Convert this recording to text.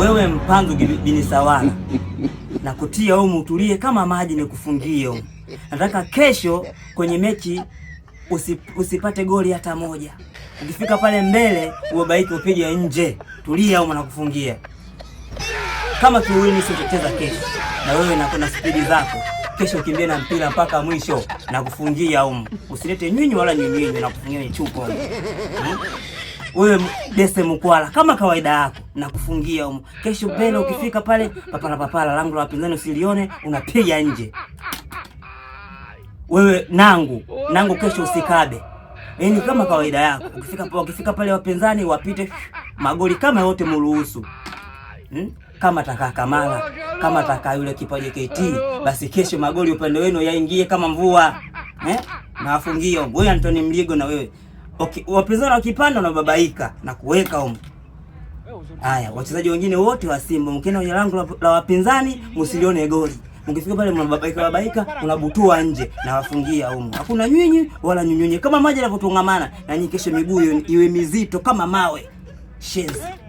wewe mpanzu bini sawana na kutia umu utulie kama maji ni kufungio. Nataka kesho kwenye mechi usip, usipate goli hata moja. Ukifika pale mbele ubabaike upige nje, tulia umu na kufungia kama kiwini. Usicheza kesho na wewe na kuna spidi zako kesho kimbie na mpira mpaka mwisho na kufungia umu, usilete nyinyi wala nyinyi na kufungia chupo hmm? wewe Dese Mkwala, kama kawaida yako nakufungia huko. Kesho mbele ukifika pale papala papala langu la wapinzani usilione, unapiga nje. Wewe nangu nangu, kesho usikabe. yani, kama kawaida yako ukifika, ukifika pale wapinzani wapite magoli kama yote muruhusu, hmm? kama taka Kamala kama taka yule kipa JKT, basi kesho magoli upande wenu yaingie kama mvua eh? Nawafungia huyo Anthony Mligo na wewe okay, wapinzani wakipanda wanababaika na kuweka huko. Haya, wachezaji wengine wote wa Simba, mkienda kwenye lango la wapinzani msilione goli, mkifika pale mnababaika babaika, unabutua nje na wafungia huko. Hakuna nyinyi wala nyunyunye, kama maji yanavyotungamana na nyinyi, kesho miguu iwe mizito kama mawe. Shenzi.